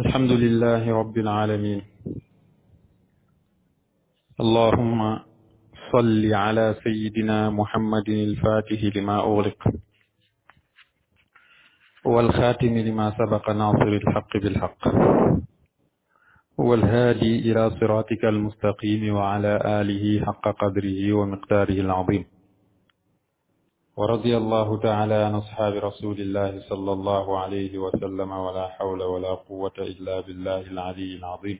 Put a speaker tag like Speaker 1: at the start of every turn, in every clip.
Speaker 1: الحمد لله رب العالمين اللهم صل على سيدنا محمد الفاتح لما أغلق والخاتم لما سبق ناصر الحق بالحق والهادي إلى صراطك المستقيم وعلى آله حق قدره ومقداره العظيم ورضي الله تعالى عن أصحاب رسول الله صلى الله عليه وسلم ولا حول ولا قوة إلا بالله العلي العظيم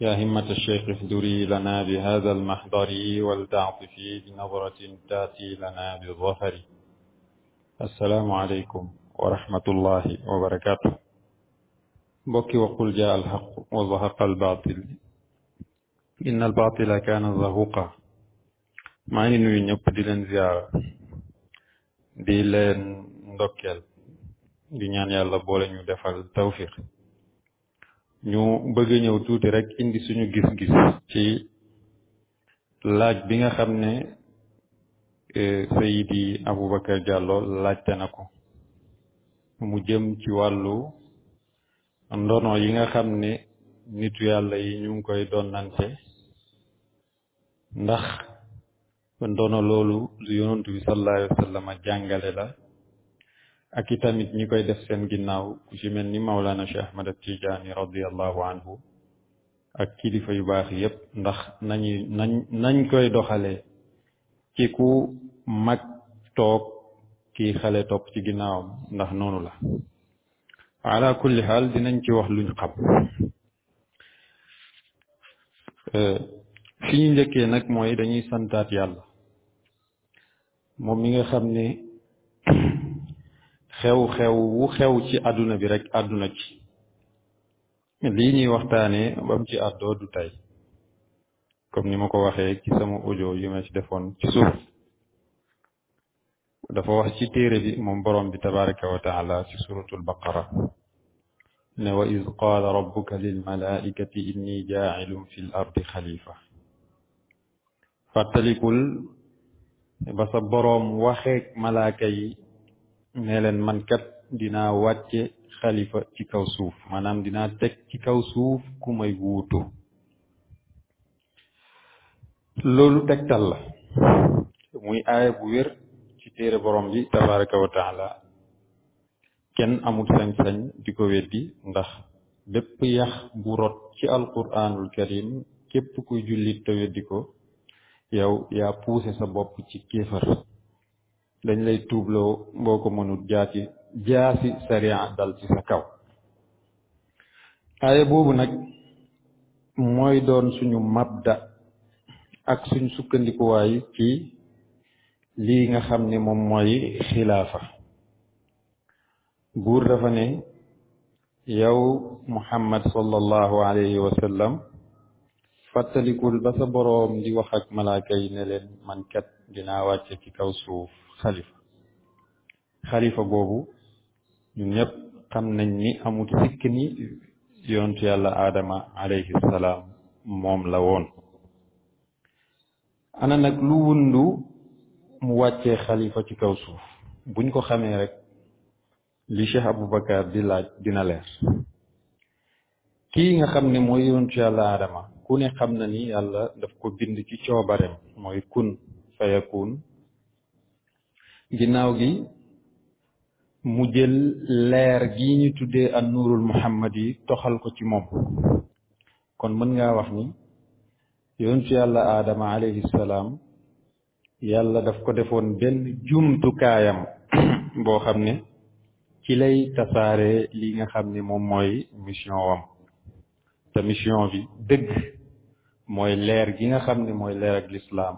Speaker 1: يا همة الشيخ اهدري لنا بهذا المحضر ولتعطفي بنظرة تأتي لنا بالظفر السلام عليكم ورحمة الله وبركاته بك وقل جاء الحق وزهق الباطل إن الباطل كان زهوقا maa ngi nuyu ñëpp di leen ziara di leen ndokkeel di ñaan yàlla boole ñu defal tawfiq ñu bëgg ñëw tuuti rek indi suñu gis-gis ci laaj bi nga xam ne eh, Seydi Aboubacar Diallo laajte na ko mu jëm ci wàllu ndono yi nga xam ne nitu yàlla yi ñu ngi koy donnante ndax kon doona loolu lu yonent bi sallallahu alayhi jàngale la ak i tamit ñi koy def seen ginnaaw ku ci mel ni Maulana Cheikh Ahmad Tijaani radiallahu anhu ak kilifa yu baax yépp ndax nañu nañ koy doxalee ci ku mag toog ki xale topp ci ginnaawam ndax noonu la ala kulli xaal dinañ ci wax luñ xam euh, fi ñu njëkkee nag mooy dañuy santaat yàlla moom mi nga xam ne xew-xew wu xew ci àdduna bi rek àdduna ci lii ñuy waxtaanee ba ci àddoo du tey comme ni ma ko waxee ci sama ojo yu ma ci defoon ci suuf dafa wax ci téere bi moom borom bi tabaraka wa taala ci suratul baqara ne wa iz qaala rabbuka lil malaikati inni jaa'ilun fil ardi xalifa fàttalikul ba sa boroom waxeeg malaaka yi ne leen man kat dinaa wàcce xalifa ci kaw suuf maanaam dinaa teg ci kaw suuf ku may wuutu loolu tegtal la muy aaya bu wér ci téere borom bi tabaraka wa taala kenn amul sañ-sañ di ko weddi ndax bépp yax bu rot ci alquranul karim képp kuy jullit te weddi ko yow yaa poussé sa bopp ci kéefar dañ lay tuubloo boo ko mënut jaati jaasi sariya dal ci sa kaw aaya boobu nag mooy doon suñu mabda ak suñ sukkandikuwaay ci lii nga xam ne moom mooy xilaafa buur dafa ne yow muhammad sallallahu alayhi wa sallam fàttalikul ba sa boroom di wax ak malaaka yi ne leen man kat dinaa wàcce ci kaw suuf xalifa xalifa boobu ñun ñëpp xam nañ ni amul sikk ni yonentu yàlla aadama alayhi moom la woon ana nag lu wundu mu wàccee xalifa ci kaw suuf buñ ko xamee rek li Cheikh Aboubacar di laaj dina leer kii nga xam ne mooy yonentu yàlla aadama ku ne xam na ni yàlla daf ko bind ci coobareem mooy kun fayakun ginaaw gi mu jël leer gi ñu tuddee an nuurul muhammad yi toxal ko ci moom kon mën ngaa wax ni yoon yonentu yàlla aadama alayhi salaam yàlla daf ko defoon benn jumtukaayam boo xam ne ci lay tasaare li nga xam ne moom mooy mission wam te mission bi dëgg mooy leer gi nga xam ni mooy leer ak lislaam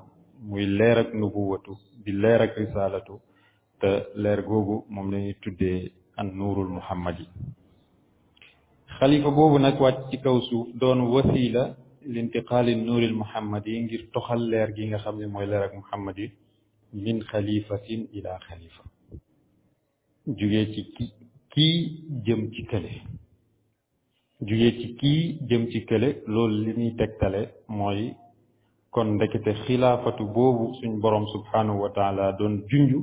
Speaker 1: muy leer ak nubuwatu di leer ak risalatu te leer googu moom la ñuy tuddee an nuurul muhammad yi nag wàcc ci kaw suuf doon wasila lintiqaali nuuril muhammad yi ngir toxal leer gi nga xam ni mooy leer ak muhammad yi min xalifatin ila xalifa jugee ci ki jëm ci kële jugee ci kii jëm ci kële loolu li muy tegtale mooy kon ndekete xilaafatu boobu suñ borom subhanahu wa taala doon junju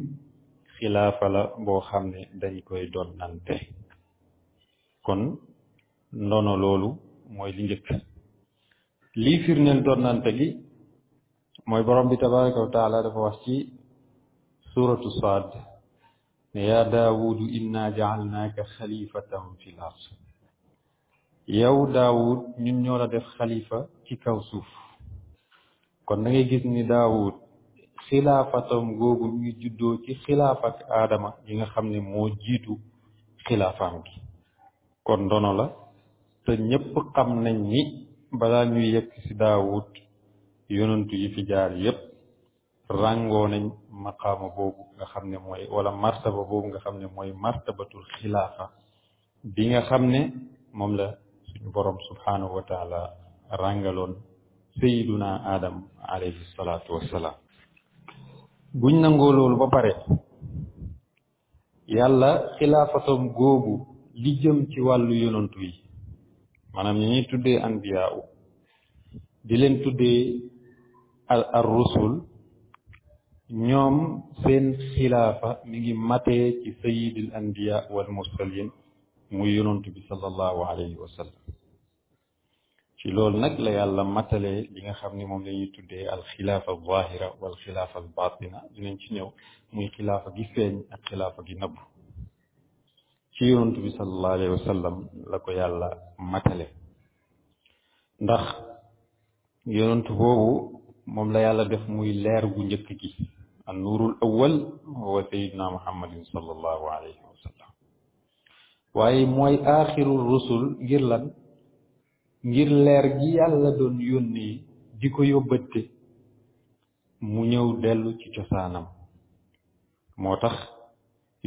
Speaker 1: xilaafa boo xam ne dañ koy doon nante kon ndono loolu mooy li njëkk lii firndeel doon nante gi mooy borom bi tabaraka wa taala dafa wax ci suratu saad ne yaa daawudu inna jaalnaaka xalifatan fi l yow daawud ñun ñoo def xalifa ci kaw suuf kon da gis ni daawud xilaafatam googu ñu juddoo ci xilaafa ak aadama yi nga xam ne moo jiitu xilaafaam gi kon ndono la te ñëpp xam nañ ni balaa ñuy yegg ci daawud yi fi jaar yépp ràngoo nañ maqaama boobu nga xam ne mooy wala martaba boobu nga xam ne mooy martabatul xilaafa bi nga xam ne moom la suñu borom subhaanahu wa taala ràngaloon sayiduna adam alayhi salaatu wassalaam buñ nangoo loolu ba pare yàlla xilaafatam googu li jëm ci wàllu yonantu yi maanaam ñi ñuy tuddee anbiya u di leen tudde al ar rusul ñoom seen xilaafa mi ngi ci sayidil anbiya wal mursalin muy yonantu bi sallallahu alayhi wa sallam ci loolu nag la yàlla matalee li nga xam ni moom la ñuy tuddee alxilaafa zahira wal xilaafa batina dinañ ci ñëw muy xilaafa gi feeñ ak xilaafa gi nëbb ci yonantu bi sallallahu wa sallam la ko yàlla matale ndax yonantu boobu moom la yàlla def muy leer gu njëkk gi an nuurul awwal wa sayyidina muhammadin sallallahu waaye mooy aaxirul rusul ngir lan ngir leer gi yàlla doon yónni di ko yóbbante mu ñëw dellu ci cosaanam moo tax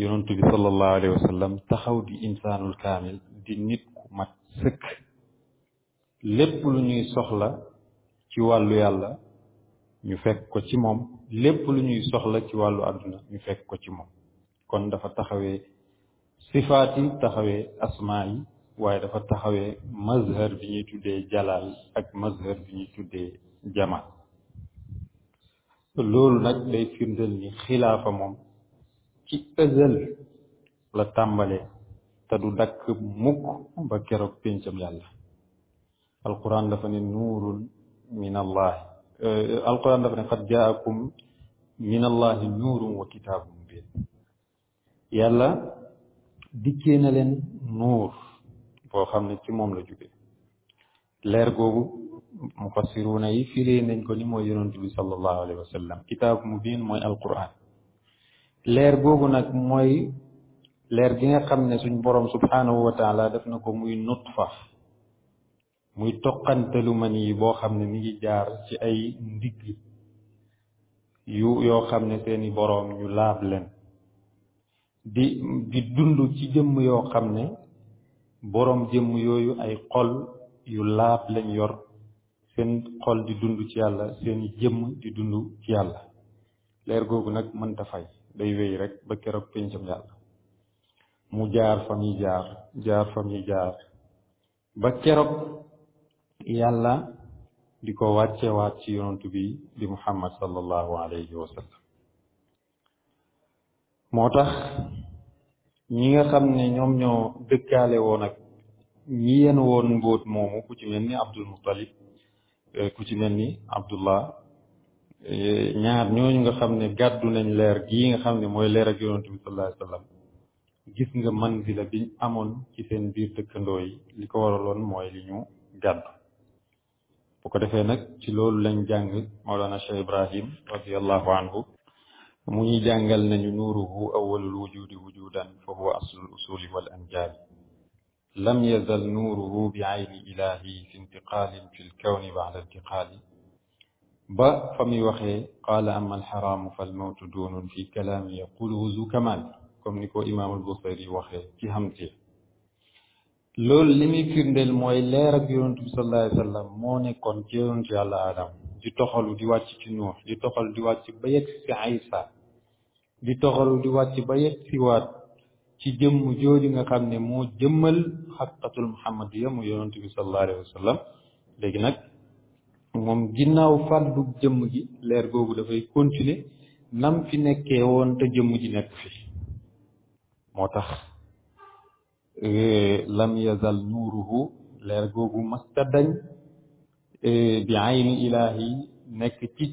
Speaker 1: yonent bi sallallahu alayhi wa sallam taxaw di insaanul kaamil di nit ku mat sëkk lépp lu ñuy soxla ci wàllu yàlla ñu fekk ko ci moom lépp lu ñuy soxla ci wàllu àdduna ñu fekk ko ci moom kon dafa taxawee sifaat taxawee asmaa yi waaye dafa taxawee mazhar bi ñuy tuddee jalaal ak mazhar bi ñuy tuddee jamaal loolu nag day firndeel ni xilaafa moom ci ëzal la tàmbalee te du dakk mukk ba keroog péncam yàlla alquran dafa ne nuurun min allahi euh, alquran dafa ne qad jaakum min allahi nuurun wa kitaabun yàlla dikkee na leen nuur boo xam ne ci moom la jóge leer googu mufassiruuna yi firee nañ ko ni mooy yonent bi sallallahu alayhi wa sallam kitaabu mubiin mooy alquran leer googu nag mooy leer gi nga xam ne suñ boroom subhaanahu wa taala def na ko muy nutfa muy toqantalu ma yi boo xam ne mi ngi jaar ci ay ndigg yu yoo xam ne seeni boroom ñu laab leen di di dund ci jëmm yoo xam ne boroom jëmm yooyu ay xol yu laab lañ yor seen xol di dund ci yàlla seen jëmm di dund ci yàlla leer googu nag mënta fay day wéy rekk ba keroog pencam yàlla mu jaar fa muy jaar jaar fa muy jaar ba keroog yàlla di ko wàccewaat ci yonantu bi di muhammad sallallahu alayhi wa moo tax ñi nga xam ne ñoom ñoo dëkkaale woon ak ñi yen woon mbóot moomu ku ci mel ni Abdul Muttalib eh, ku ci mel ni Abdullah eh, ñaar ñooñu nga xam ne gàddu nañ leer gii nga xam ne mooy leer ak yonent bi sallallahu alayhi wasallam gis nga manzila biñ amoon ci seen biir dëkkandoo yi li ko waraloon mooy li ñu gàddu bu ko defee nag ci loolu lañ jàng Mawlana Cheikh Ibrahim radiallahu anhu mu ñu jàngal nañu nuuruhu awalul wujudi wujudan fa huwa aslul usuli wal anjaali lam yazal nuuruhu bi ayni ilahi fi intiqaalin fi lkawni bada intiqaali ba fa muy waxee qaala ama alxaraamu falmawtu duunun fi kalaami yaquluhu zu kamal comme ni ko imaam albusayri waxee ci hamsiya loolu li muy firndeel mooy leer ak yonent bi sallallahu alayhi wa sallam moo nekkoon ci yonent yàlla aadam di toxalu di wàcc ci nuux di toxalu di wàcc ba yegg si Aysa di toxaru di wàcc ba yegg siwaat ci jëmm jooju nga xam ne moo jëmmal xaqiqatul muhammadiya mu yonent bi sallallahu alayhi wa sallam léegi nag moom ginnaaw fàddu jëmm gi leer googu dafay continuer nam fi nekkee woon te jëmm ji nekk fi moo tax e, lam yazal nuuruhu leer googu masta dañ e, bi ayni ilaahi nekk ci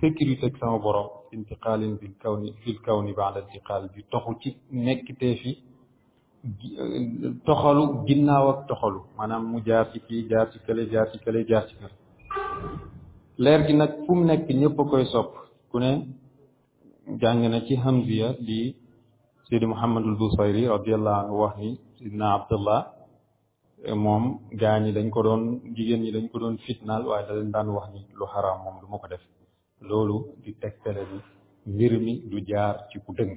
Speaker 1: sécurité ak sama borom intiqaalin fil kawni fil kawni baada intiqaal bi toxu ci nekkitee fi toxalu ginnaaw ak toxalu maanaam mu jaar ci kii jaar ci kële jaar ci kële jaar ci kële leer gi nag fu nekk ñëpp koy sopp ku ne jàng na ci hamziya di sidi muhammadul busayri radiallahu anhu wax ni sidna abdullah moom gaa ñi dañ ko doon jigéen ñi dañ ko doon fitnaal waaye da leen daan wax ni lu xaraam moom du ma ko def loolu di tegtale ni mbir mi du jaar ci ku dëng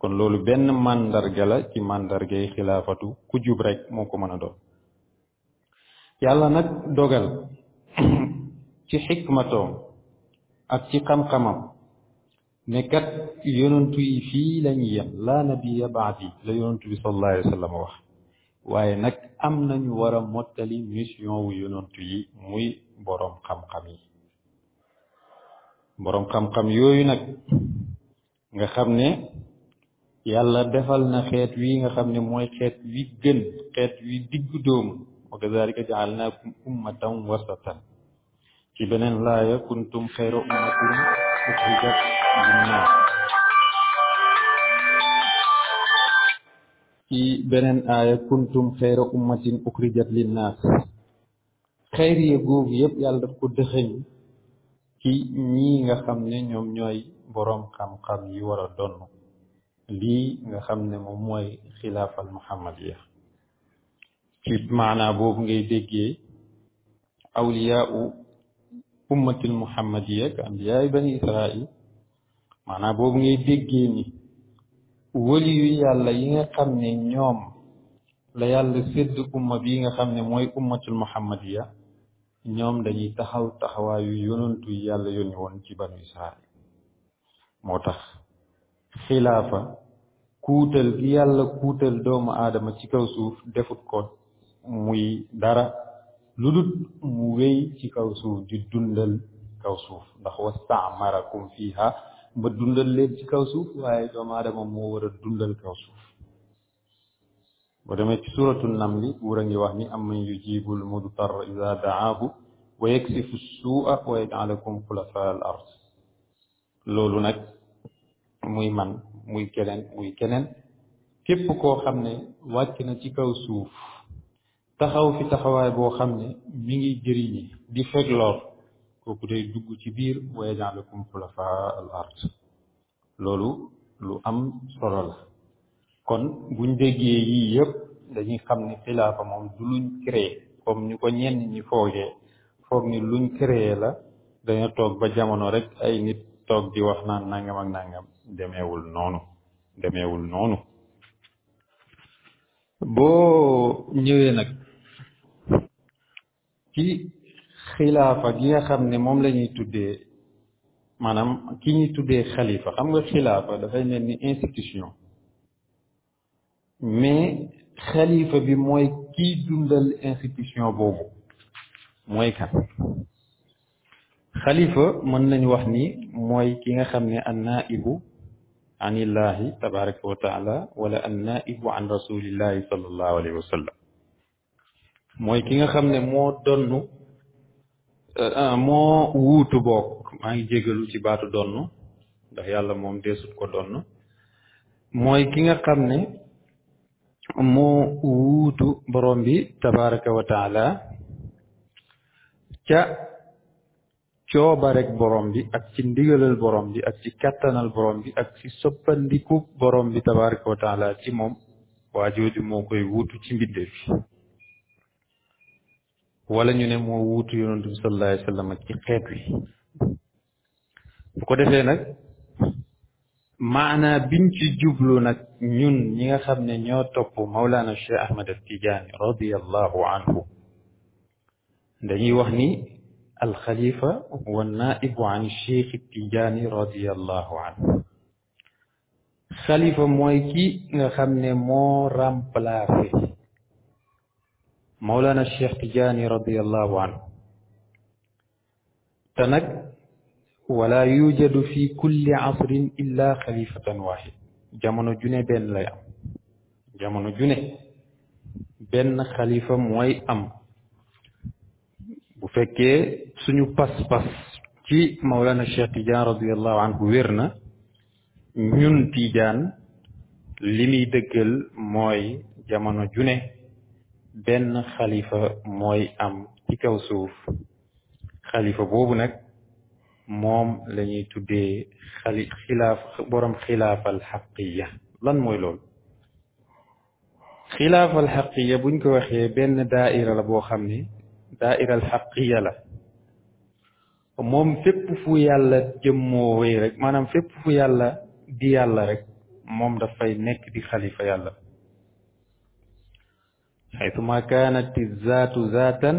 Speaker 1: kon loolu benn màndarga la ci màndargay xilaafatu ku jub rek moo ko mën a doon yàlla nag dogal ci xikmatoom ak ci xam-xamam ne kat yonentu yi fii lañ yem laa nabiya baadi la yonentu bi sallallahu alayhi wax waaye nag am nañu war a mottali mission wu yonentu yi muy boroom xam-xam yi boroom xam-xam yooyu nag nga xam ne yàlla defal na xeet wi nga xam ne mooy xeet wi gën xeet wi diggu dóomu wa kazalika jaalnaakum ummatan wasatan ci beneen laaya kuntum xayra ummatin uxrijat linnaas ci beneen aaya googu yëpp yàlla daf ko ci ñii nga xam ne ñoom ñooy boroom xam-xam yi war a donn lii nga xam ne moom mooy xilaafal muhammadiya ci maanaa boobu ngay déggee awliyaau ummatil muhammadiya ka ambiyaay bani israil maanaa boobu ngay déggee ni wëli yàlla yi nga xam ne ñoom la yàlla sédd umma bi nga xam ne mooy ummatul muhammadiya ñoom dañuy taxaw taxawaayu yonantu yàlla yónni woon ci banu Israël moo tax xilaafa kuutal yàlla kuutal doomu aadama ci kaw suuf defut ko muy dara lu dul mu wéy ci kaw suuf di dundal kaw suuf ndax wastaamarakum fiha ba dundal leen ci kaw suuf waaye doomu aadama moo wara dundal kaw suuf boo demee ci suratu namli buur a ngi wax ni amman yujibul mudtarra ida daahu wa yaksifu suua wa yajalakum xulafa al ard loolu nag muy man muy kenen muy keneen képp koo xam ne wàcc na ci kaw suuf taxaw fi taxawaay boo xam ne mi ngi jëriñi di fekk lor kooku day dugg ci biir wa yajalakum xulafa al ard loolu lu am solo la kon buñ déggee yii yëpp dañuy xam ni xilaafa moom du luñ créé comme ñu ko ñenn ñi foogee foog ni luñ créé la dañoo toog ba jamono rek ay nit toog di wax naan nangam ak nangam demeewul noonu demewul noonu boo ñëwee nag ci xilaafa gi nga xam ne moom lañuy ñuy tuddee maanaam ki ñuy tuddee xalifa xam nga xilaafa dafay mel institution mais xalifa bi mooy kiy dundal institution boobu mooy kan xalifa mën nañu wax ni mooy ki nga xam ne an naibu anillahi tabaraka wa taala wala an naibu an rasulillahi sallallahu alayhi mooy ki nga xam ne moo donnu euh, moo wuutu boog maa ngi jégalu ci baatu donnu ndax yàlla moom deesut ko donn mooy ki nga xam ne moo wuutu borom bi tabaraka wa taala ca cooba rek borom bi ak ci ndigalal borom bi ak ci kattanal borom bi ak ci soppandiku borom bi tabaraka wa taala ci moom waa jooju moo ci mbindeef wala ñu ne moo wuutu yonent bi sallallahu alayhi wa sallam ak ci xeet wi bu defee nag maana biñ ci jublu nag ñun ñi nga xam ne ñoo topp Mawlana Cheikh Ahmad Tijaani radiyallahu anhu dañuy wax ni alxalifa wa naibu an Cheikh Tijaani radiyallahu anhu xalifa mooy ki nga xam ne moo remplacé Mawlana Cheikh Tijaani radiyallahu anhu te wala yujadu fi kulli asrin illa xalifatan wahid jamono june benn lay am jamono june benn xalifa mooy am bu fekkee suñu pas-pas ci Mawlana Cheikh Tidiane radiallahu anhu wér na ñun Tidiane li dëggal mooy jamono june benn xalifa mooy am ci kaw suuf xalifa boobu nag moom la ñuy tuddee xali xilaaf borom lan mooy lool xilaafal xaqiya buñ ko waxee benn daaira la boo xam ne daairal xaqiya la moom fépp fu yàlla jëmmoowee rek maanaam fépp fu yàlla di yàlla rek moom dafay nekk di xalifa yàlla xaytuma kaanati zaatu zaatan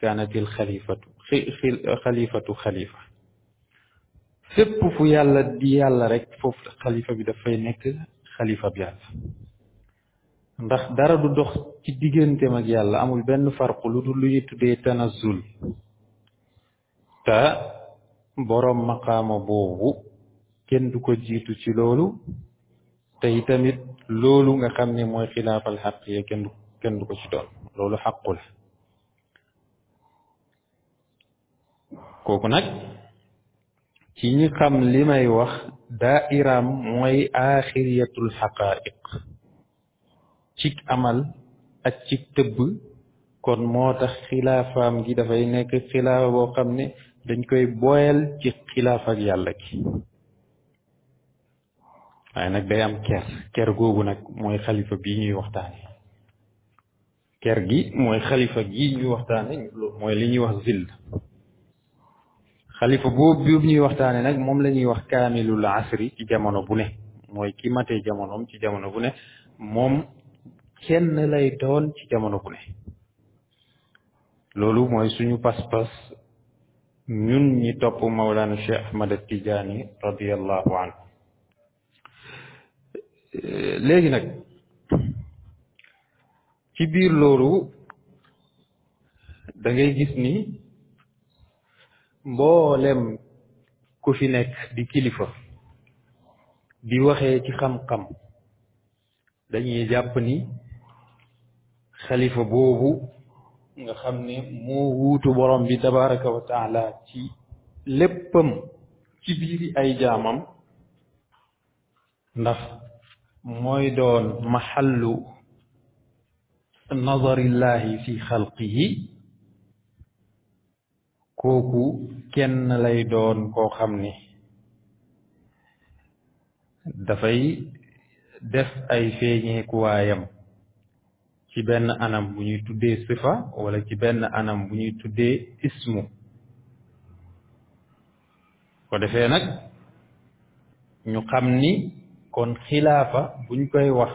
Speaker 1: kaanati alxalifatu xalifatu xalifa fépp fu yàlla di yàlla rek foofu xalifa bi dafay nekk xalifa bi ndax dara du dox ci digganteem ak yàlla amul benn farqu lu dul lu ñu tuddee tanazul te boroom maqaama boobu kenn du ko jiitu ci loolu te itamit loolu nga xam ne mooy xilaafal xaq ya kenn du ko ci doon loolu xaqu la kooku ci ñi xam li may wax daairaam mooy axiriyatul xaqaa'iq ci amal ak ci tëbb kon moo tax xilaafaam gi dafay nekk xilaafa boo xam ne dañ koy boyal ci xilaaf ak yàlla gi waaye nag day am ker ker googu nag mooy xalifa bii ñuy waxtaane ker gi mooy xalifa gi ñuy waxtaan mooy li ñuy wax zill xalifa boobu bi ñuy waxtaane nag moom lañuy wax kaamilul asri ci jamono bu ne mooy ki matee jamonoom ci jamono bu ne moom kenn lay doon ci jamono bu ne loolu mooy suñu pas-pas ñun ñi topp Mawlana Cheikh Ahmad Tijaani radiyallahu anhu léegi nag ci biir loolu da gis ni mboolem ku fi nekk di kilifa di waxee ci xam-xam dañuy jàpp ni xalifa boobu nga xam ne moo wuutu borom bi tabaraka wa taala ci léppam ci ay jaamam ndax mooy doon maxallu nazarillahi fi xalqihi kooku kenn lay doon koo xam ni dafay def ay feeñeekuwaayam ci benn anam bu ñuy tuddee sifa wala ci benn anam bu ñuy tuddee ismu ko defee nag ñu xam ni kon xilaafa buñ koy wax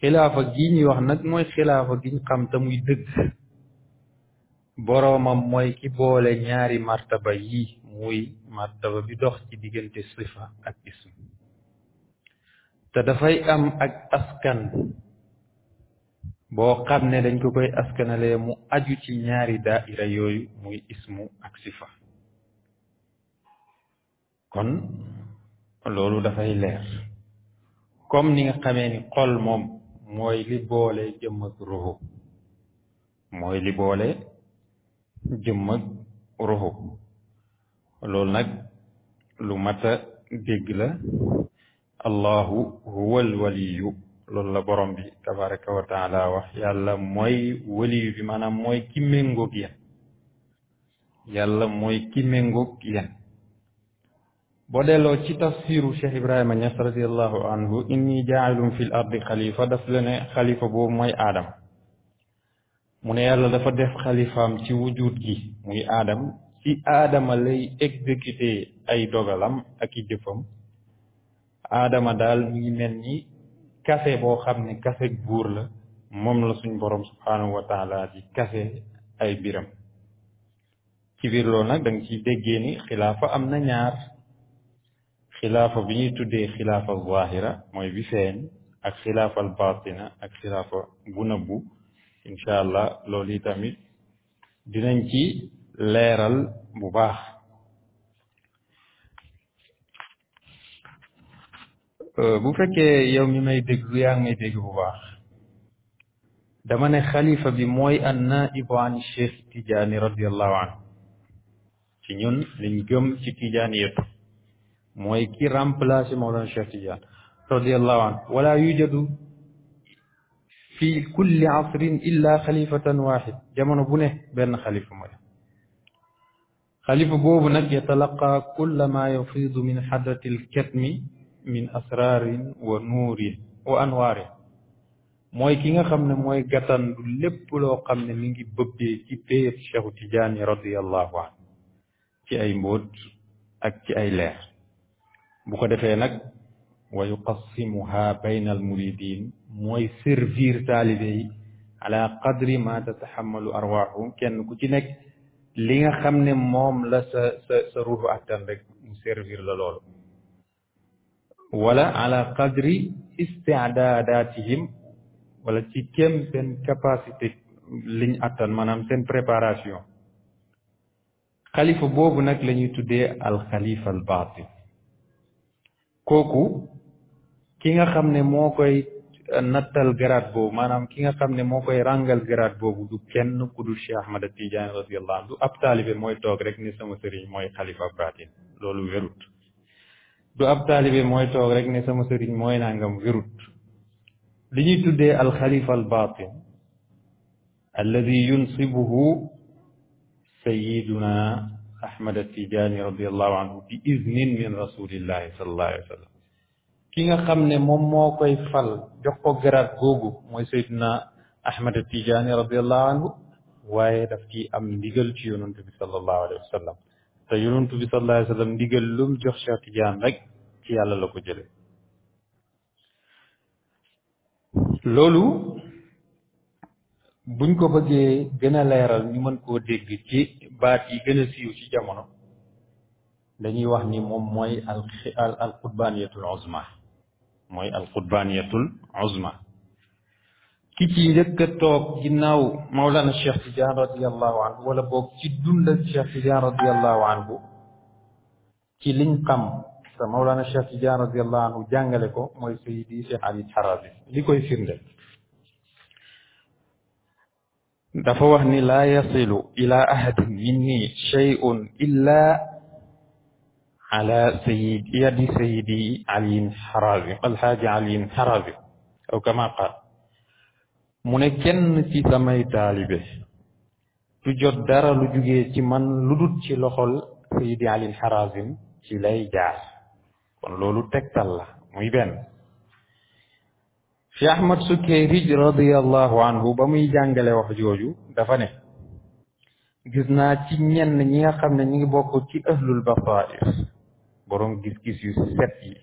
Speaker 1: xilaafa gi ñuy wax nag mooy xilaafa gi ñu xam te dëgg boroomam mooy ki boole ñaari martaba yi muy martaba bi dox ci diggante sifa ak ism te dafay am ak askan boo xam ne dañ ko koy askanalee mu aju ci ñaari daaira yooyu muy ismu ak sifa kon loolu dafay leer comme ni nga xamee xol moom mooy li boole jëmm ak mooy li boole jëmm ak ruxu nag lu mat a dégg la allahu huwal waliyu loolu la borom bi tabaraka wa taala wax yàlla mooy waliyu bi maanaam mooy ki méngoog yéen yàlla mooy ki méngoog yéen boo delloo ci tafsiru cheikh ibrahima ñas radiallahu anhu inni jaa'ilun fil ardi xalifa daf la ne xalifa boobu mooy aadama mu ne yàlla dafa def xalifaam ci wujud gi muy aadam ci aadama lay exécuter ay dogalam ak i jëfam aadama daal mi ngi mel ni kase boo xam ne kase buur la moom la suñ borom subhanahu wa di kase ay biram ci biir loolu nag da ci ciy déggee ni xilaafa am na ñaar xilaafa bi ñuy tuddee xilaafa zahira mooy bi feeñ ak xilaafal batina ak xilaafa bu nëbbu incha allah loolu yi tamit dinañ ci leeral bu baax euh, bu fekkee yow mi may dégg yaa ngi may dégg bu baax dama ne xalifa bi mooy an naibu an cheikh tijaani radiallahu anhu ci ñun liñ gëm ci tijaani yëpp mooy ki remplacé Mawlana cheikh tijaani wala yujadu fii kulli asrin illa xalifatan waxid jamono bu ne benn xalifa mooy boobu nag yatalaqa kulla ma yafidu min xadrati alkatmi min asrarin wa nuurin wa anwaarin mooy ki nga xam ne mooy gàttandu lépp loo xam ne mi ngi bëbbee ci péyeb Cheikhu Tijaani radiallahu anhu ci ay mbóot ak ci ay leer bu ko defee nag wa yuqassimuha bayna almuridin mooy servir taalibe yi ala qadri ma tataxamalu arwaxuhum kenn ku ci nekk li nga xam ne moom la sa sa sa ruuxu attan rek mu servir la loolu wala ala qadri istiadadatihim wala ci kem seen capacité liñ attan maanaam seen préparation xalifa boobu nag la ñuy tuddee alxalifa al baatin kooku ki nga xam ne moo koy euh, nattal garaat boobu maanaam ki nga xam ne moo koy ràngal garaat boobu du kenn ku dul Cheikh Ahmad Tidiane radiyallahu anhu du ab taalibe mooy toog rek ne sama sëriñ mooy xalifa baatin loolu wérut du ab taalibe mooy toog rek ne sama mooy nangam wérut li ñuy tuddee alxalifa al baatin alladi yunsibuhu sayiduna Ahmad Tidiane radiyallahu anhu bi iznin min rasulillahi sallallahu alayhi wa ki nga xam ne moom moo koy fal jox ko garaat googu mooy Seydina Ahmad Tijaani radiyallahu anhu waaye daf ci am ndigal ci yonantu bi sallallahu alayhi wa sallam te yonantu bi sallallahu alayhi wa ndigal lum jox Cheikh Tidiane rek ci yàlla la ko jëlee loolu buñ ko bëggee gën leeral ñu mën koo dégg ci baat yi gën siiw ci jamono dañuy wax ni moom mooy al al qutbaaniyatul uzma mooy alqutbaniyatul uzma ki ci njëkk a toog ginnaaw Mawlana Cheikh Tidiane radiallahu anhu wala boog ci dund ak Cheikh Tidiane radiallahu anhu ci liñ xam te Mawlana Cheikh Tidiane radiallahu anhu jàngale ko mooy Seydi Cheikh Ali Harabi li koy dafa wax ni laa ila ahadin minni shay'un illa ala sayid yadi sayidi aliin xarawi alxaaji aliin xarawi aw kama qaal mu ne kenn ci samay taalibe du jot dara lu jugee ci man lu dut ci loxol sayidi aliin xarazim ci lay jaar kon loolu tegtal la muy benn fi ahmad sukkeerij radiallahu anhu ba muy jàngale wax jooju dafa ne gis naa ci ñenn ñi nga xam ne ñu ngi bokk ci ahlul basair boroom gis-gis yu set yi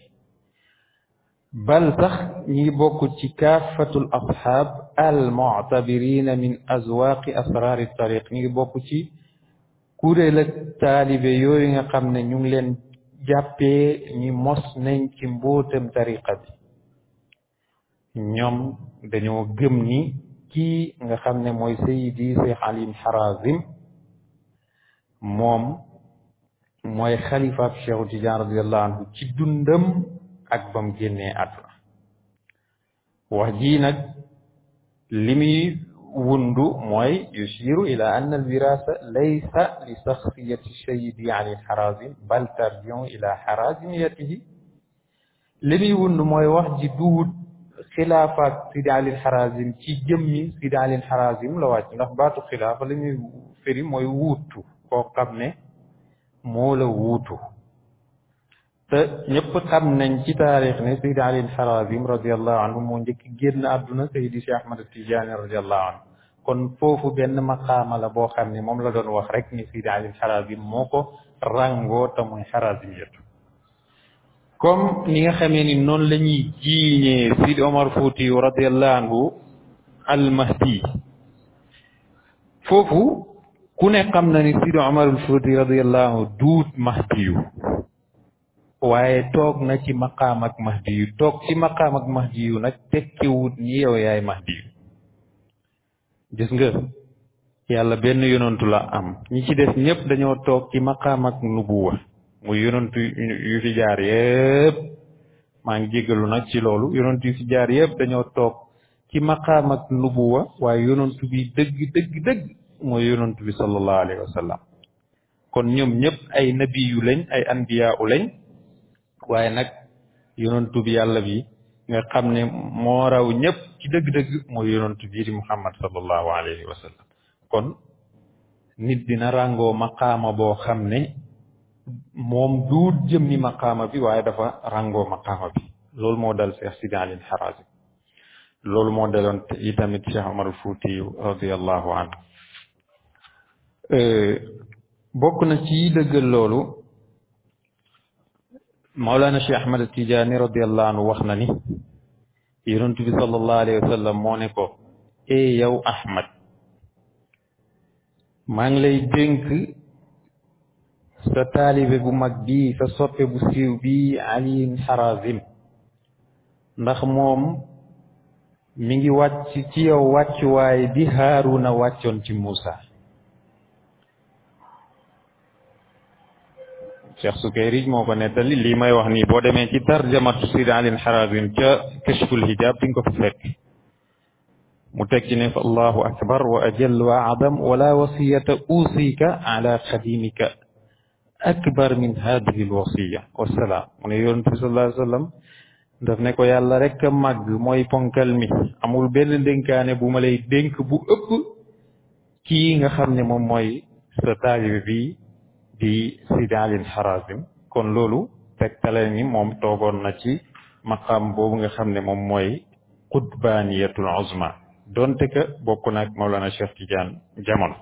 Speaker 1: ñi bokk ci kaafatul asxaab al muctabirina min azwaaqi asraari tariq ñi ngi ci kuréel ak taalibe yooyu nga xam ne ñu ngi leen jàppee ñi mos nañ ci mbootam tariqa ñoom dañoo gëm ni kii nga xam ne mooy sayidi seex alim xarazim moom mooy xalifaab Cheikhu Tijaan radiyallahu anhu ci dundam ak bam génnee àdduna wax ji nag li muy wundu mooy yusiru ila anna alwirasa laysa li saxsiyati sayidi ani xarazim bal tarjiu ila xarazimiyatihi li muy wund mooy wax ji duwut xilaafaat sidi alil xarazim ci jëmmi sidi alil xarazim la wàcc ndax baatu xilaafa li firi mooy wuutu koo xam ne moo la wuutu te ñëpp xam nañ ci taarix ne Seydi Ali al-Harazim radiallahu anhu moo njëkk génn àdduna Seydi Cheikh Ahmad Tijaani radiallahu anhu kon foofu benn maqaama la boo xam ne moom la doon wax rek ni Seydi Ali al-Harazim moo ko ràngoo te muy Harazim yëpp comme ni nga xamee ni noonu la ñuy jiiñee Sidi Omar radiallahu anhu foofu ku ne xam na ni Sidi Omar al Fouti radiyallahu duut mahdiyu waaye toog na ci maqaam ak mahdiyu toog ci maqaam ak mahdiyu nag tekkiwut ni yow yaay max mahdiyu gis nga yàlla benn yonantu la am ñi ci des ñëpp dañoo toog ci maqaam ak nubuwa muy yonantu yu fi jaar yëpp ngi jéggalu nag ci loolu yonantu yu fi jaar yëpp dañoo toog ci maqaam ak nubuwa waaye yonantu bi dëgg dëgg dëgg mooy yonent bi sallallahu alayhi wa sallam kon ñoom ñëpp ay nabiyu lañ ay anbiya u lañ waaye nag yonent bi yàlla bi nga xam ne moo raw ñëpp ci dëgg-dëgg mooy yonent Muhammad sallallahu alayhi wa sallam kon nit dina ràngoo maqaama boo xam ne moom duut jëm ni maqaama bi waaye dafa ràngoo maqaama bi loolu moo dal Cheikh Sidi Ali Harazim loolu moo daloon itamit Cheikh Omar Fouti radiyallahu anhu Euh, bokk na ci dëggal loolu Mawlana Cheikh Ahmad Tijaani radiyallahu anhu wax na ni yonent moo ne ko e yow Ahmad maa ngi lay dénk sa taalibe bu mag bii sa soppe bu siiw bii Ali Harazim ndax moom mi ngi wàcc ci yow wàccuwaay bi Haaruna wàccoon ci Muusa Cheikh Sukayrij moo ko nettali lii may wax nii boo demee ci tarjamatu Sidi Alin Harazim ca kashful hijab di nga ko mu teg ci ne fa allahu akbar wa ajal wa adam wala wasiyata usika ala xadimika akbar min hadihi alwasiya wasalaam mu ne yonent bi sallallahu alayhi wa sallam daf ne ko yàlla rek a màgg mooy ponkal mi amul benn dénkaane bu ma lay dénk bu ëpp kii nga xam ne moom mooy sa taalibe bi di Sidi Alin kon loolu tegtale ni moom toogoon na ci maqaam boobu nga xam ne moom mooy qutbaniyatul uzma donte que bokk na ak Mawlana Cheikh Tidiane jamono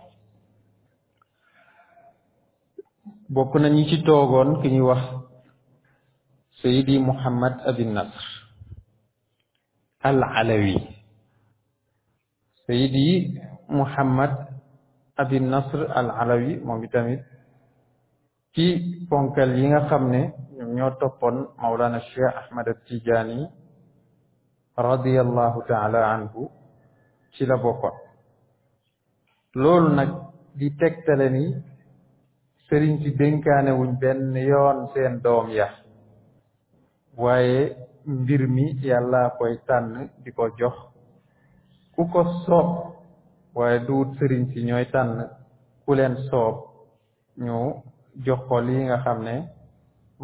Speaker 1: bokk na ñi ci toogoon ki ñuy wax Seydi Mouhamad Abin Nasr al alawi Seydi Mouhamad Abin Nasr al alawi moom itamit ci ponkal yi nga xam ne ñoom ñoo toppoon Mawlana Cheikh Ahmad Tijaani radiyallahu taala anhu ci la bokkoon loolu nag di tegtale ni sëriñ ci dénkaane wuñ benn yoon seen doom ya waaye mbir mi yàlla koy tànn di ko jox ku ko soob waaye du sëriñ ci ñooy tànn ku leen soob ñu jox ko lii nga xam ne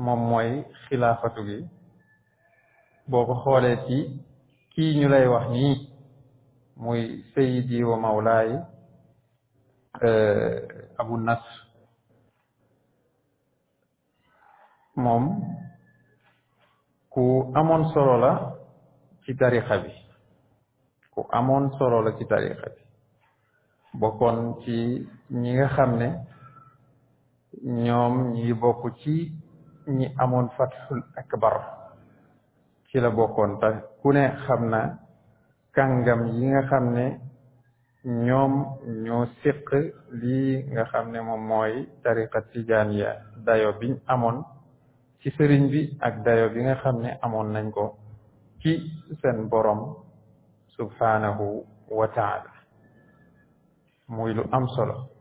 Speaker 1: moom mooy xilaafatu gi boo ko xoolee ci kii ñu lay wax nii muy sayidi wa mawlaay eh, abu nasr moom ku amoon solo la ci tarixa bi ku amoon solo la ci tarixa bi bokkoon ci ñi nga xam ne ñoom ñi bokk ci ñi amoon fathul akbar ci la bokkoon te ku xam na kàngam yi nga xam ne ñoom ñoo siq lii nga xam ne moom mooy tariqa ya dayo biñ amoon ci sëriñ bi ak dayo bi nga xam ne amoon nañ ko ci seen borom subhanahu wa taala muy lu am solo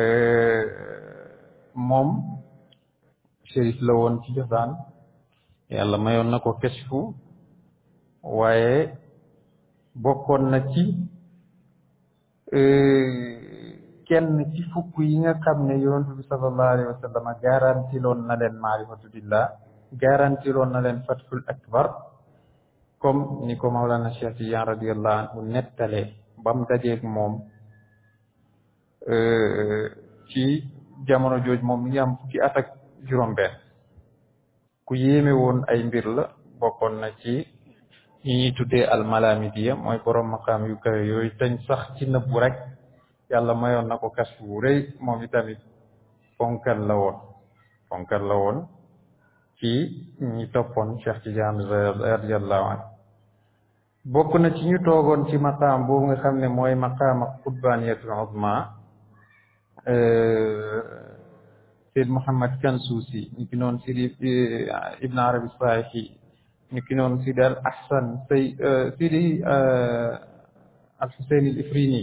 Speaker 1: Euh, moom chérif la ci josaan yàlla mayoon na ko kesfu waaye bokkoon na ci euh, kenn ci fukk yi nga xam ne yonent bi sallallahu alayhi wa sallam garantiloon na leen maarifatu billah garantiloon na leen fathul akbar comme ni ko Mawlana Cheikh Tidiane radiyallahu anhu nettalee ba mu dajeeg moom ci jamono jooj moom mi ngi am fukki at ak juróom-benn ku yéeme woon ay mbir la bokkoon na ci ñi ñuy tuddee almalamidiya mooy borom maqaam yu kawe yooyu dañ sax ci nëbbu rek yàlla mayoon na ko kas wu rëy moom itamit ponkal la woon ponkal la woon ci ñi toppoon Cheikh Tidiane radiyallahu anhu bokk na ci ñu toogoon ci maqaam boobu nga xam ne mooy maqaam ak qutbaaniyatul uzma Euh, Seyd Mouhamed Kansuusi ñu ki noon Sidi Ibn Arabi Saahi ñu ki noon Sidi Al Ahsan Sey Sidi euh, euh, Al Husayn Al Ifrini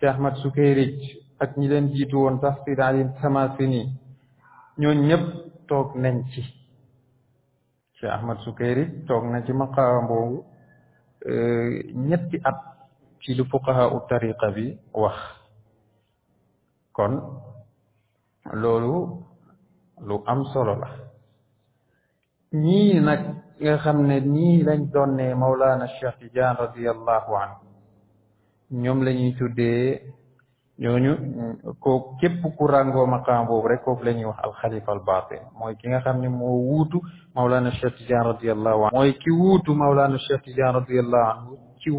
Speaker 1: ci Ahmad Sukayrij ak ñi leen jiitu woon sax Seydi Ali Tamasini ñooñu ñëpp toog nañ ci ci Ahmad Sukayrij toog na ci maqaama boobu ñetti at ci lu u tariqa bi wax kon loolu lu am solo la ñii nag nga xam ne ñii lañ doonne Mawlana Cheikh Tidiane radiallahu anhu ñoom la ñuy tuddee ñooñu ko képp ku ràngoo maqaam boobu rek kooku la ñuy wax alxalifa al baatin mooy ki nga xam ne moo wuutu Mawlana Cheikh Tidiane radiallahu anhu mooy ki wuutu Mawlana Cheikh Tidiane radiallahu anhu ci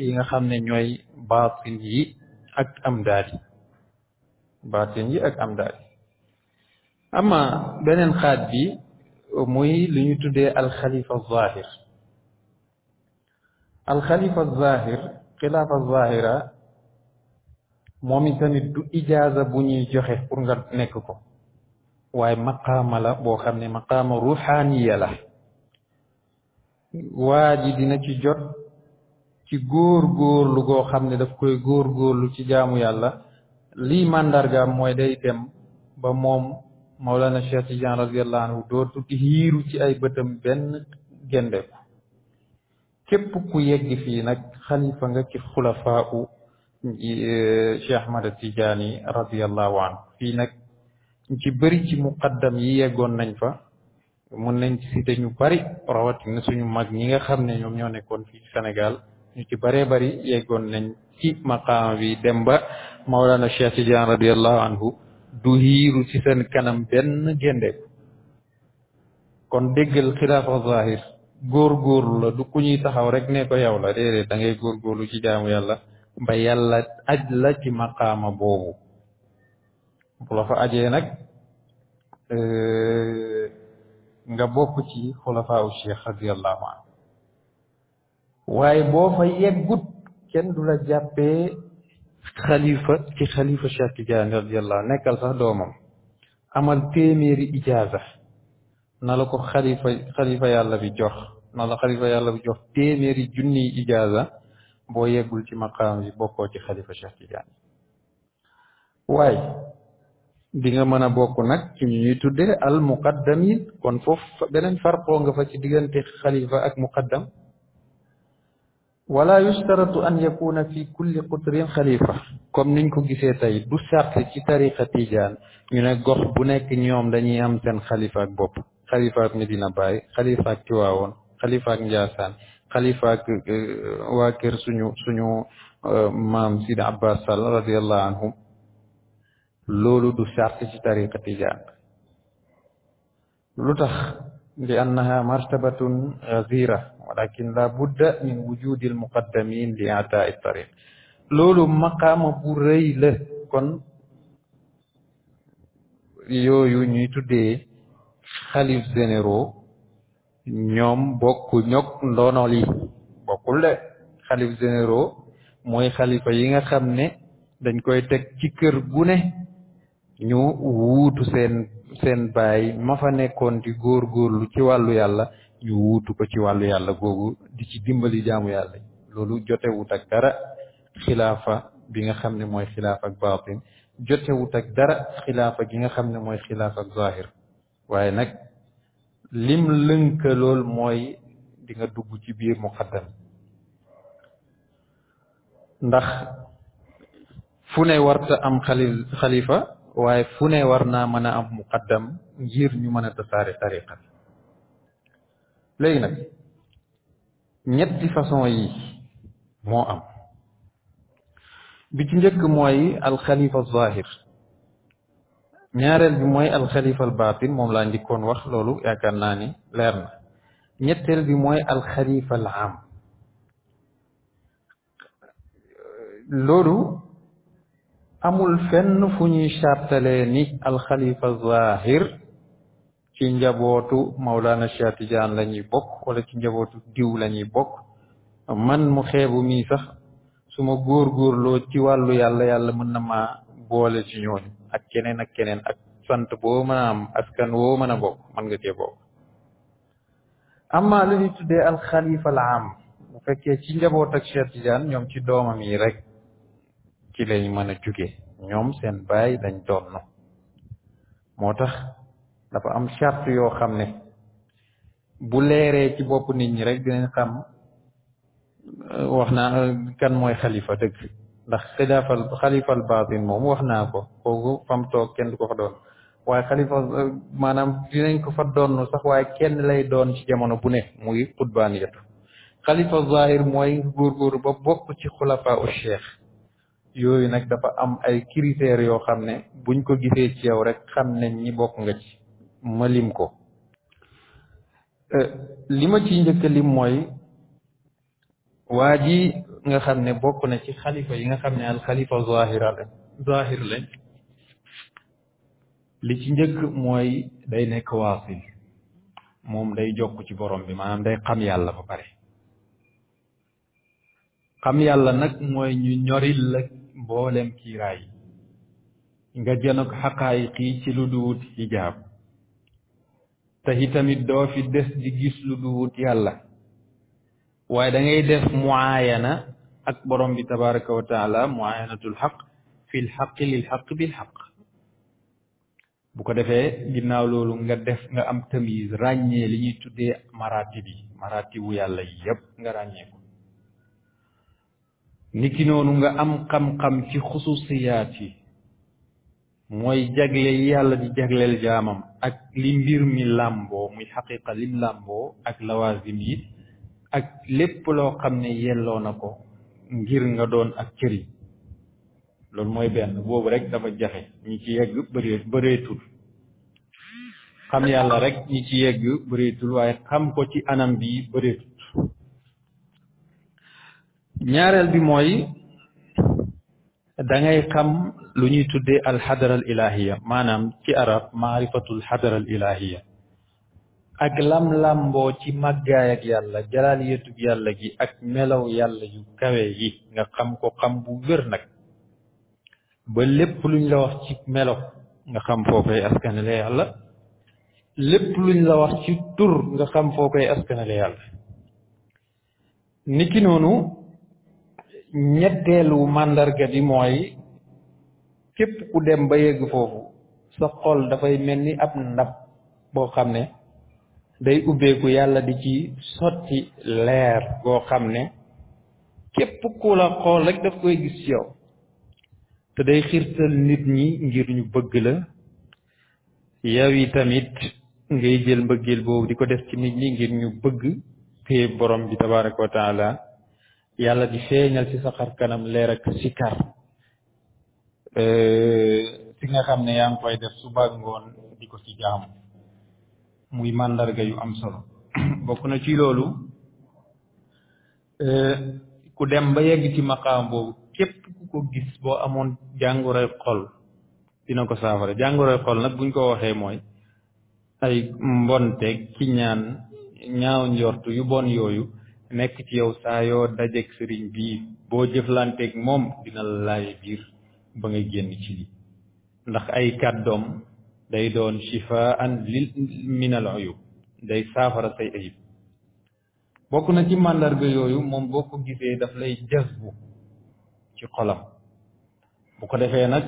Speaker 1: yi nga xam ne ñooy baatin yi ak am daadi baatin yi ak amdaad yi amma beneen xaat bi muy li ñu tuddee alxalifa zahir alxalifa zahir xilaafa zahira moom itamit du ijaaza bu ñuy joxe pour nga nekk ko waaye maqaama la boo xam ne maqaama ruxaaniya la waa ci jot ci góor góorlu goo xam ne daf koy góor góorlu ci jaamu yàlla lii mandargaam mooy day dem ba moom Mawlana Cheikh Tidiane radiyallahu anhu dootu hiiru ci ay bëtëm benn gendeku képp ku yegg fii nag xalifa nga ci xulafaa u eh, Cheikh Ahmada Tidiane radiyallahu anhu fii nag ci bëri ci muqaddam yi yeggoon nañ fa mun nañ ci cité ñu bari rawatina suñu mag ñi nga xam ne ñoom ñoo nekkoon fii Sénégal ñu ci bëree bari yeggoon nañ ci maqaama bi dem ba Mawlana Cheikh Tidiane radiallahu anhu du hiiru ci seen kanam benn géndeeku kon déggal xilaafa zahir góorgóorlu la du ku ñuy taxaw rek ne ko yow la déedéet da ngay góorgóorlu ci jaamu yàlla mba yàlla aj la ci maqaama boobu bu ajee nag euh, nga bokk ci xulafaawu cheikh radiallahu anhu waaye boo fa yeggut kenn du la jàppee xalifa ci xalifa Cheikh Tidiane radiyallahu nekkal sax doomam amal téeméeri ijaaza na ko xalifa xalifa yàlla bi jox na la xalifa yàlla bi jox téeméeri junniy ijaaza boo yeggul ci maqaam yi bokkoo ci xalifa Cheikh Tidiane waaye di nga mën a bokk nag ci ñu ñuy tuddee al muqaddam kon foofu beneen farqoo fa ci diggante xalifa ak muqaddam wala yustaratu an yakuna fi kulli qutrin xalifa comme niñ ko gisee tey du sart ci tariqa tijaan ñu gox bu nekk ñoom dañuy am seen xalifaak bopp xalifaak Medina Baye xalifaak Tiwaawoon xalifaak Njaasaan xalifaak euh, waa suñu suñu euh, maam Sidi Abbas Sall radiallahu anhum loolu du sart ci tariqa tijaan lu tax li annaha martabatun gazira walakin la budda min wujudi almuqaddamin li ata loolu maqaama bu rëy la kon yooyu ñuy tuddee xalif généraux ñoom bokku ñok ndonol yi bokkul de xalif généraux mooy xalifa yi nga xam ne dañ koy teg ci kër gu ne ñu wuutu seen seen baay ma fa nekkoon di góorgóorlu ci wàllu yàlla ñu wuutu ko ci wàllu yàlla googu di ci dimbali jaamu yàlla loolu jotewut ak dara xilaafa bi nga xam ne mooy xilaafa ak baatin jotewut ak dara xilaafa gi nga xam ne mooy xilaafa ak zahir waaye nag lim lënka lool mooy di nga ci biir muqaddam ndax fu ne warta am xalifa waaye fu ne war naa mën a am muqaddam ngir ñu mën a tasaare léegi nag ñetti façon yi moo am bi ci njëkk mooy alxalifa zahir ñaareel bi mooy alxalifa al moom laa njëkkoon wax loolu yaakaar naa ni leer na ñetteel bi mooy alxalifa al am loolu amul fenn fu ñuy chartalee ni alxalifa zahir ci njabootu Mawlana Cheikh Tidiane la ñuy bokk wala ci njabootu diw la bokk man mu xeebu mii sax su ma góorgóorloo ci wàllu yàlla yàlla mën na ma boole ci ñooñu ak keneen ak keneen ak sant boo mën a am askan woo mën a bokk mën nga cee bokk amma lu ñu tuddee alxalifa al am fekkee ci njaboot ak Cheikh Tidiane ñoom ci doomam yi rek ci lañ mën a juge ñoom seen baay dañ doon moo tax dafa am charte yoo xam ne bu leeree ci bopp nit ñi rek dinañ xam euh, wax naa kan mooy xalifa dëgg ndax xilaafal xalifal baatin moom wax naa ko kooku fam toog kenn du ko fa doon waaye xalifa euh, maanaam dinañ ko fa doon sax waaye kenn lay doon ci jamono bu ne muy xutbaaniyatu xalifa zahir mooy góorgóoru ba bokk ci xulafaa u cheikh yooyu nag dafa am ay critères yoo xam ne buñ ko gisee ci yow rek xam nañ ñi bokk nga ci ma lim ko euh, li ma ci njëkk lim mooy waa nga xam ne bokk na ci xalifa yi nga xam ne al xalifa zahira lañ li ci njëkk mooy day nekk waasil moom day jokk ci borom bi maanaam day xam yàlla ba pare xam yàlla nag mooy ñu ñoril la mboolem kiiraay nga jënog xaqaayiq ci lu duwut hijaab te tamit doo fi des di gis lu duwut yàlla waaye dangay def muayana ak borom bi tabaraka wa taala muayanatul xaq fil xaqi lil xaq bil xaq bu ko defee ginnaaw loolu nga def nga am tamise ràññee li ñuy tuddee maraati bi yàlla yépp nga ràññee ko niki noonu nga am xam-xam ci xususiyaat yi mooy jagle yi yàlla di jagleel jaamam ak li mbir mi làmboo muy xaqiqa lim làmboo ak lawaasim yi ak lépp loo xam ne yelloo na ko ngir nga doon ak cëriñ loolu mooy benn boobu rek dafa jafe ñi ci yegg bëree bëreetul xam yàlla rek ñi ci yegg bëreetul waaye xam ko ci anam bi bëreetul ñaareel bi mooy dangay xam lu ñuy tuddee alxadara al ilahiya maanaam ci arab maarifatul xadara al ak lam làmboo ci màggaay ak yàlla jalaaliyatu yàlla gi ak melow yàlla yu kawe yi nga xam ko xam bu wér nag ba lépp luñ la wax ci melaw nga xam foo koy askanale yàlla lépp luñ la wax ci tur nga xam foo koy askanale yàlla niki noonu ñetteelu màndarga bi mooy képp ku dem ba yegg foofu sa xol dafay mel ni ab ndab boo xam ne day ubbeeku yàlla di ci sotti leer boo xam ne képp ku la xool rek daf koy gis yow te day xiirtal nit ñi ngir ñu bëgg la yow yi tamit ngay jël mbëggeel boobu di ko def ci nit ñi ngir ñu bëgg téye borom bi tabaraka wa yàlla di feeñal ci sa xar kanam leer ak sikar si nga xam ne yaa ngi koy def suba ak ngoon di ko ci jaamu muy màndarga yu am solo bokk na ci loolu ku dem ba yegg ci maqaam boobu képp ku ko gis boo amoon jàngoroy xol dina ko saafara jàngoroy xol nag buñ ko waxee mooy ay mbonte ki ñaan ñaaw njortu yu bon yooyu nekk ci yow saa yoo dajeeg sëriñ bi boo jëflanteek moom dina la biir ba nga génn ci li ndax ay kàddoom day doon shifaan lil min al uyub day saafara say ayib bokk na ci màndarga yooyu moom boo ko gisee daf lay jazbu ci xolam bu ko defee nag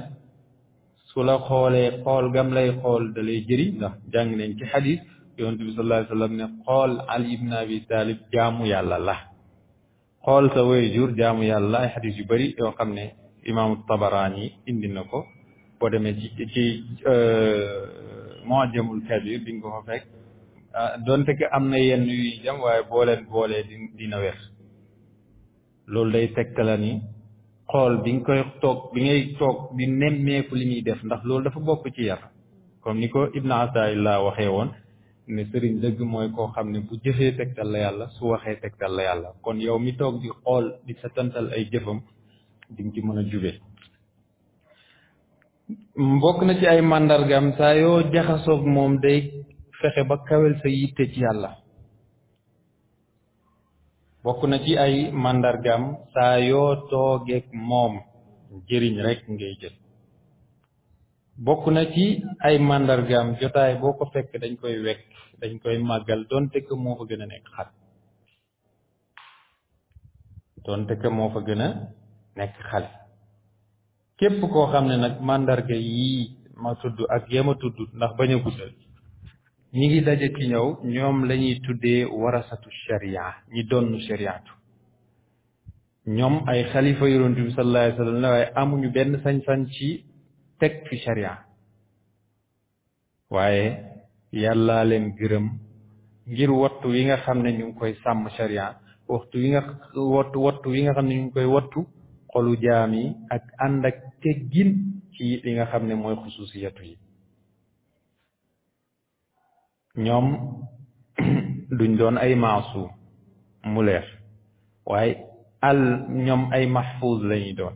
Speaker 1: su la xoolee xool gam lay xool da lay jëriñ ndax jàng ci xadis yonent bi sallallahu alayhi wasallam ne xool Ali ibn Abi Talib jaamu yàlla la xool sa waajur jaamu yàlla ay xadis yu bari yoo xam ne imaamu yi indi na ko boo demee ci ci euh, Mu'jamul Kabir di ko fa fekk ah, donte que am na yenn yuy jam waaye boo boolee di dina wér loolu day tegtala ni xool bi nga koy toog bi ngay toog bi nemmeeku li muy def ndax loolu dafa bokk ci yar kon ni ko Ibn Ataillah waxee woon ne sëriñ dëgg mooy koo xam ne bu jëfee tegtal la yàlla su waxee tegtal la yàlla kon yow mi toog di xool di setantal ay jëfam di nga ci mën a jube mbokk na ci ay màndargaam saa yoo jaxasoog moom day fexe ba kawel sa yitte ci yàlla bokk na ci ay màndargam saa yoo toogeeg moom jëriñ rek ngay jël bokk na ci ay màndargaam jotaay boo ko fekk dañ koy wekk dañ koy màggal donte que moo fa gën a nekk xat moo fa gën a nekk képp koo xam ne nag màndarga yii ma tudd ak yema tudd ndax bañ a guddal ñi ngi daje ci ñëw ñoom lañuy ñuy tuddee warasatu sharia ñi donn shariatu ñoom ay xalifa yonent bi sallallahu waaye amuñu benn sañ-sañ ci teg fi sharia waaye yàllaa leen gërëm ngir wattu wi nga xam ne ñu ngi koy sàmm sharia waxtu wi nga wattu wattu wi nga xam ne ñu ngi koy wattu xolu jaam yi ak ànd ak teggin ci li nga xam ne mooy xususiyatu yi ñoom duñ doon ay maasu mu leer waaye al ñoom ay mahfuz lañuy doon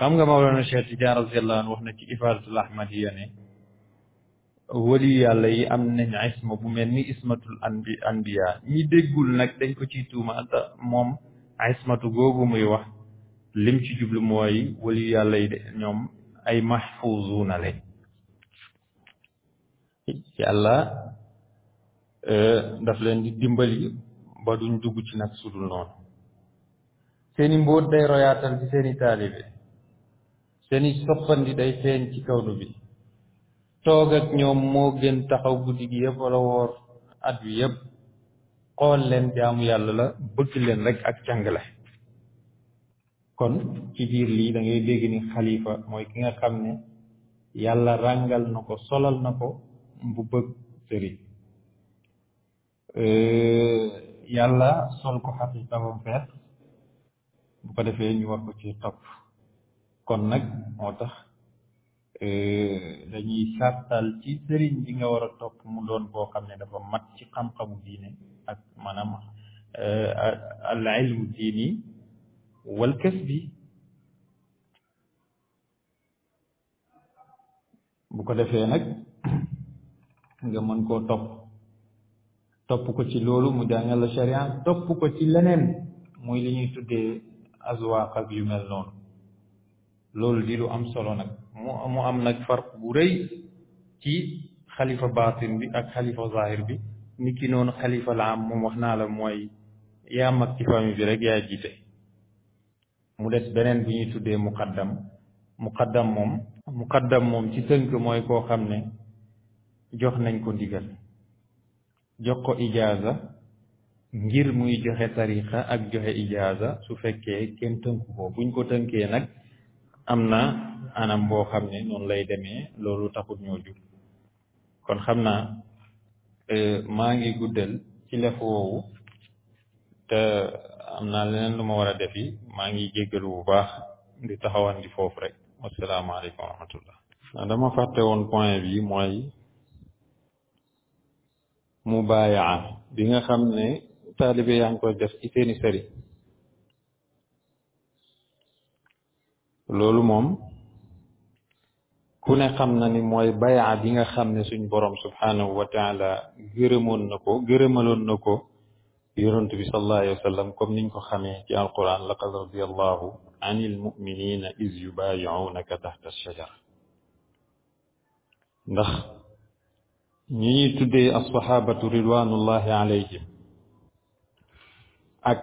Speaker 1: xam nga Mawlana Cheikh Tidiane radiyallahu anhu wax na ci Ifaadatul Ahmadiyya ne wali yàlla yi am nañ isma bu mel ni ismatul anbi anbiya ñi déggul nag dañ ko ci tuumaal te moom ismatu googu muy wax lim ci jublu mooy wali yàlla yi de ñoom ay mahfuzuuna lañ yàlla e, daf leen di dimbali ba duñ dugg ci nag sudul noonu seeni mbóot day royaatal ci seeni taalibe seeni soppandi day feeñ ci kawnu bi toog ak ñoom moo gën taxaw guddi gi yëpp wala woor at wi yëpp xool leen jaamu yàlla la bëgg leen rek ak càng la kon ci biir lii da ngay dégg ni xalifa mooy ki nga xam ne yàlla ràngal na ko solal na ko bu bëgg yàlla sol ko xaqiqa ba mu feet bu ko defee ñu war ko ci topp kon nag moo tax eh, dañuy sartal ci sëriñ bi nga war a topp mu doon boo xam ne dafa mat ci xam-xamu diine ak maanaam eh, al ilmu diini wal kasbi bu ko defee nag nga mën koo topp topp ko ci loolu mu jàngal la sharia topp ko ci leneen muy li ñuy tuddee azwaaq ak yu mel noonu loolu di am solo nag mu am nag farq bu rëy ci xalifa baatin bi ak xalifa zahir bi ni ki noonu xalifa la am moom wax naa la mooy yaa mag ci famille bi rek yaa jiite mu des beneen bi ñuy tuddee muqaddam muqaddam moom muqaddam moom ci tënk mooy koo xam ne jox nañ ko ndigal jox ko ijaaza ngir muy joxe tariqa ak joxe ijaaza su fekkee kenn tënku ko buñ ko tënkee nag am na anam boo xam ne lay demee loolu taxut ñoo kon xam naa euh, maa ngi guddal ci lef woowu te am naa leneen lu ma war a defi maa ngi jéggalu bu baax di taxawan di foofu rek wasalaamaaleykum wa rahmatullah dama fàtte woon point bi mu mubayaa bi nga xam ne taalibe yaa ngi koy def ci seeni sëriñ loolu moom ku ne xam na ni mooy bayaa bi nga xam ne suñ borom subhanahu wa taala gërëmoon na ko gërëmaloon na ko kom bi sallallahu alayhi wa sallam comme niñ ko xamee ci alquran laqad radiyallahu anil muminina iz tahta ash-shajara ndax ñi ñuy tuddee assahabatu ridwanullahi alayhim ak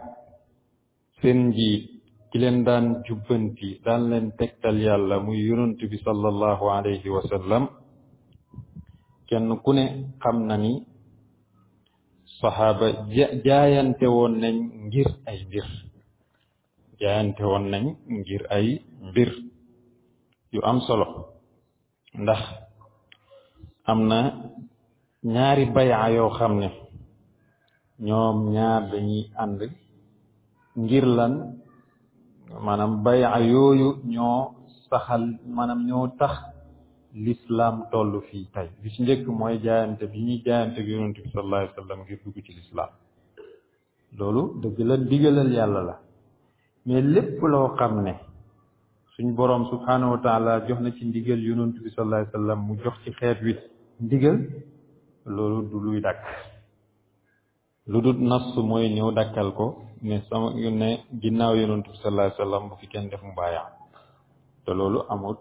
Speaker 1: seen ki leen daan jubbanti daan leen tegtal yàlla muy yonent bi sallallahu alayhi wa sallam kenn ku ne xam na ni saxaaba jaayante woon nañ ngir ay mbir jaayante woon nañ ngir ay mbir yu am solo ndax am na ñaari bayaa yoo xam ne ñoom ñaar dañuy ànd ngir lan maanaam a yooyu ñoo saxal maanaam ñoo tax l'islam toll fii tey bi ci njëkk mooy jaayante bi ñuy jaayante bi yonent bi sallallahu alayhi ngir dugg ci l'islam loolu dëgg la digalal yàlla la mais lépp loo xam ne suñ boroom subhaanahu wa jox na ci ndigal yonent bi sallallahu alayhi mu jox ci xeet wi ndigal loolu du luy dakk lu dut nas mooy ñëw dakkal ko ne sama yu ne ginnaaw yonent bi sallallahu bu fi kenn def mu te loolu amul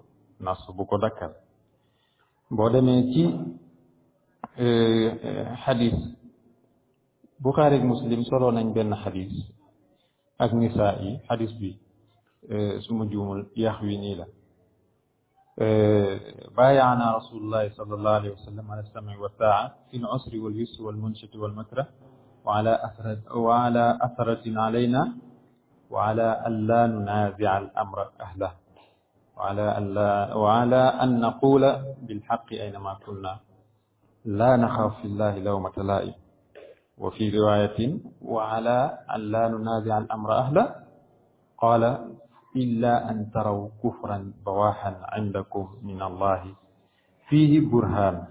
Speaker 1: nas bu ko dakkal boo demee ci e, e, xadis Buxaari ak Muslim solo nañ benn xadis ak nisaa yi bi e, su ma yax wi nii la baayaana rasulullahi sallallahu wa sallam ala sam'i wa taa'a fi l usri wal yusri wal munshati wal makrah وعلى أثرة وعلى أثرة علينا وعلى ألا ننازع الأمر أهله وعلى ألا وعلى أن نقول بالحق أينما كنا لا نخاف في الله لومة لائم وفي رواية وعلى أن لا ننازع الأمر أهله قال إلا أن تروا كفرا بواحا عندكم من الله فيه برهان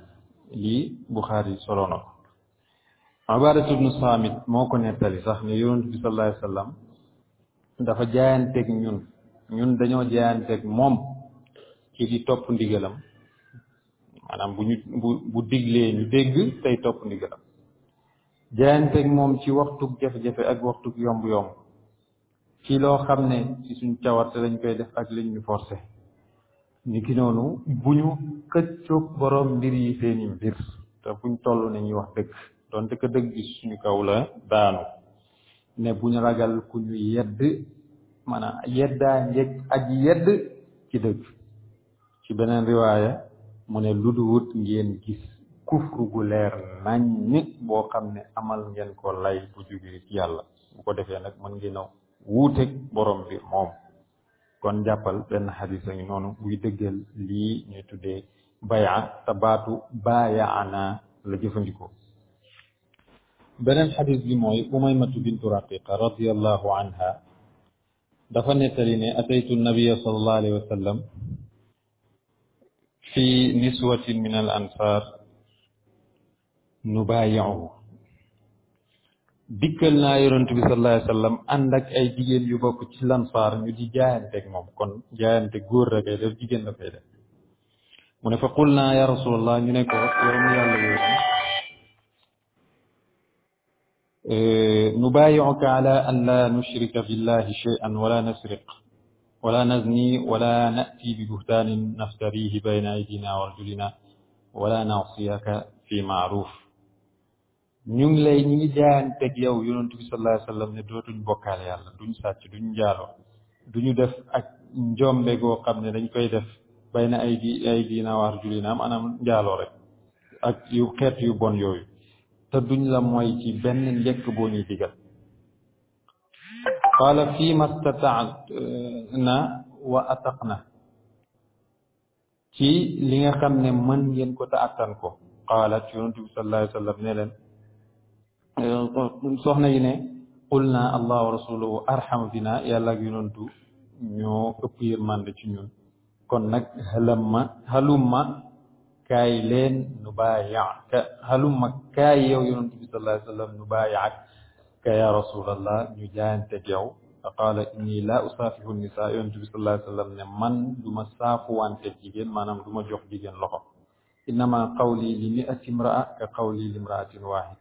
Speaker 1: لي بخاري سولونو Ubaadatu bnu Saamit moo ko nettali sax ne yonent bi sallallahu dafa jaayanteeg ñun ñun dañoo jaayanteeg moom ci di topp ndigalam maanaam bu ñu bu diglee ñu tey topp ndigalam jaayanteeg moom ci waxtu jafe-jafe ak waxtug yomb-yomb ci loo xam ne ci suñ cawarte lañ koy def ak liñ ñu forcé ki noonu bu ñu këccoog boroom mbir yi seeni mbir te buñ toll nañuy wax dëgg donte ko dëgg gi suñu kaw la daanu ne buñ ragal ku ñu yedd maanaam yeddaa njëg aji yedd ci dëgg ci beneen riwaaya mu ne lu duwut ngeen gis kufru gu leer naññ boo xam ne amal ngeen ko lay bu jógee yàlla bu ko defee nag mën ngeen a wuuteeg borom bi moom kon jàppal benn xadis a ngi noonu buy dëggal lii ñuy tuddee baya te baatu baayaana la jëfandikoo beneen xadis bi mooy umaymatu bintu raqiqa radiallahu anha dafa nettali ne ataytu nabia salallahu alayhi wa sallam fi niswatin min al ansar nubaayiuhu dikkal naa yonent bi salallahu alayhi wa sallam ànd ak ay jigéen yu bokk ci lansaar ñu di jaayanteeg moom kon jaayante góor la koy def jigéen la koy def mu ne fa qul naa ya rasulallah ñu ne ko yow mu yàlla yooyu nubaayi'uka ala an la nushrika billahi shay'an wala nasriq wala nazni wala na'ti bi buhtaanin naftarihi bayna aydina wa arjulina wala na'siyaka fi ma'ruf ñu ngi lay ñu ngi jaayanteeg yow yonent bi sallallahu alayhi wa sallam ne dootuñ bokkaale yàlla duñ sàcc duñ njaaloo duñu def ak njombe goo xam ne dañ koy def bayna aydi aydina wa arjulina maanaam njaaloo rek ak yu xeet yu bon yooyu te duñ la mooy ci benn lekk boo ñuy digal qaala fi ma stata'na wa ataqna ci li nga xam ne mën ngeen ko te attan ko qaalat yonent bi sallallahu soxna yi ne qulna allah wa rasuluhu arxam bina yàlla ak yonentu ñoo ëpp yërmande ci ñun kon nag halumma halumma kaay leen nu baayaaka halumma kaay yow yonent bi sallallahu alayhi nu baayaak ka ya rasulallah ñu jaayante yow fa qaala inni la usaafihu nisa yonent bi sallallahu ne man du ma saafuwante jigéen maanaam du ma jox jigéen loxo innama qawli li mi'ati imra'a ka qawli li imra'atin waahid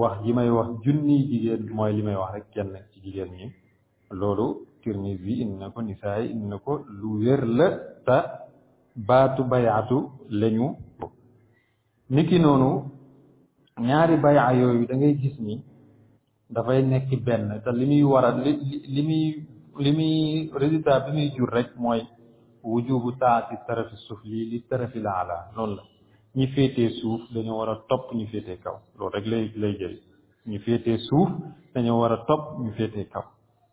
Speaker 1: wax ji may wax junni jigéen mooy li may wax rek kenn ci jigéen ñi loolu Tirmizi indi ko nisaay indi ko lu wér la ta baatu bayaatu lañu niki noonu ñaari bayaa yooyu da ngay gis ni dafay nekk benn te li muy war a li li muy li résultat bi muy jur rek mooy wujubu taati tarafi suuf lii li tarafi la ala noonu la ñi féetee suuf dañoo war a topp ñu féetee kaw loolu rek lay lay jëriñ ñu féetee suuf dañoo war a topp ñu féetee kaw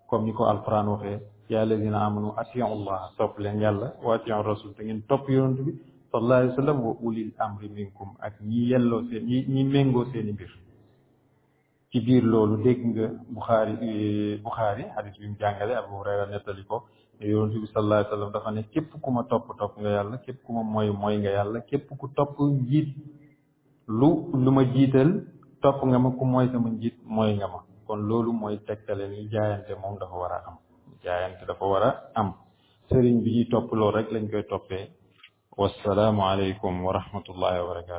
Speaker 1: comme ni ko alquran waxee yaa alladina amanu atiu allah topp leen yàlla wa atiu rasul te ngeen topp yonent bi sallallahu alayhi wa sallam wa ulil amri minkum ak ñi yelloo seen ñi ñi méngoo seen mbir ci biir loolu dégg nga Buxaari eh, Buxaari hadis bi mu jàngale Abu Hurayra nettali ko te yonent dafa ne képp ku ma topp topp nga yàlla képp ku ma mooy mooy nga yàlla képp ku topp njiit lu lu ma jiital topp nga ma ku mooy sama njiit mooy nga ma kon loolu mooy tegtale ni jaayante moom dafa war a am jaayante dafa war a am sëriñ bi ñuy topp loolu rek lañ koy toppee wassalaamu aleykum wa rahmatullahi wa barakaatu